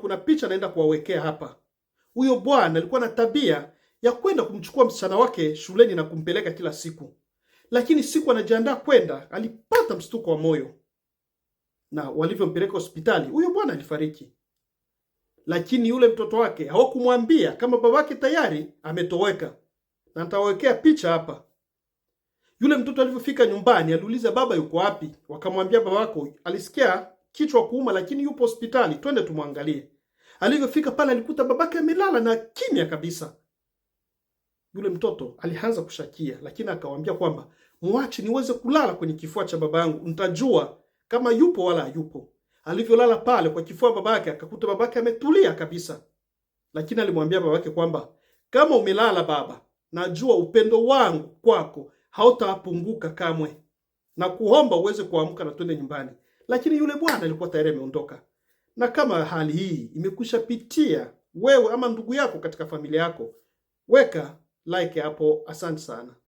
kuna picha naenda kuwawekea hapa. Huyo bwana alikuwa na tabia ya kwenda kumchukua msichana wake shuleni na kumpeleka kila siku, lakini siku anajiandaa kwenda alipata mshtuko wa moyo, na walivyompeleka hospitali huyo bwana alifariki. Lakini yule mtoto wake hawakumwambia kama babake tayari ametoweka, na nitawawekea picha hapa. Yule mtoto alivyofika nyumbani aliuliza baba yuko wapi, wakamwambia babako alisikia kichwa kuuma, lakini yupo hospitali, twende tumwangalie. Alivyofika pale alikuta babake amelala na kimya kabisa. Yule mtoto alianza kushakia, lakini akawambia kwamba muache niweze kulala kwenye kifua cha baba yangu, nitajua kama yupo wala hayupo. Alivyolala pale kwa kifua babake, akakuta babake ametulia kabisa, lakini alimwambia babake kwamba kama umelala baba, najua upendo wangu kwako hautapunguka kamwe, na kuomba uweze kuamka na twende nyumbani lakini yule bwana alikuwa tayari ameondoka. Na kama hali hii pitia wewe ama ndugu yako katika familia yako, weka like hapo. Asante sana.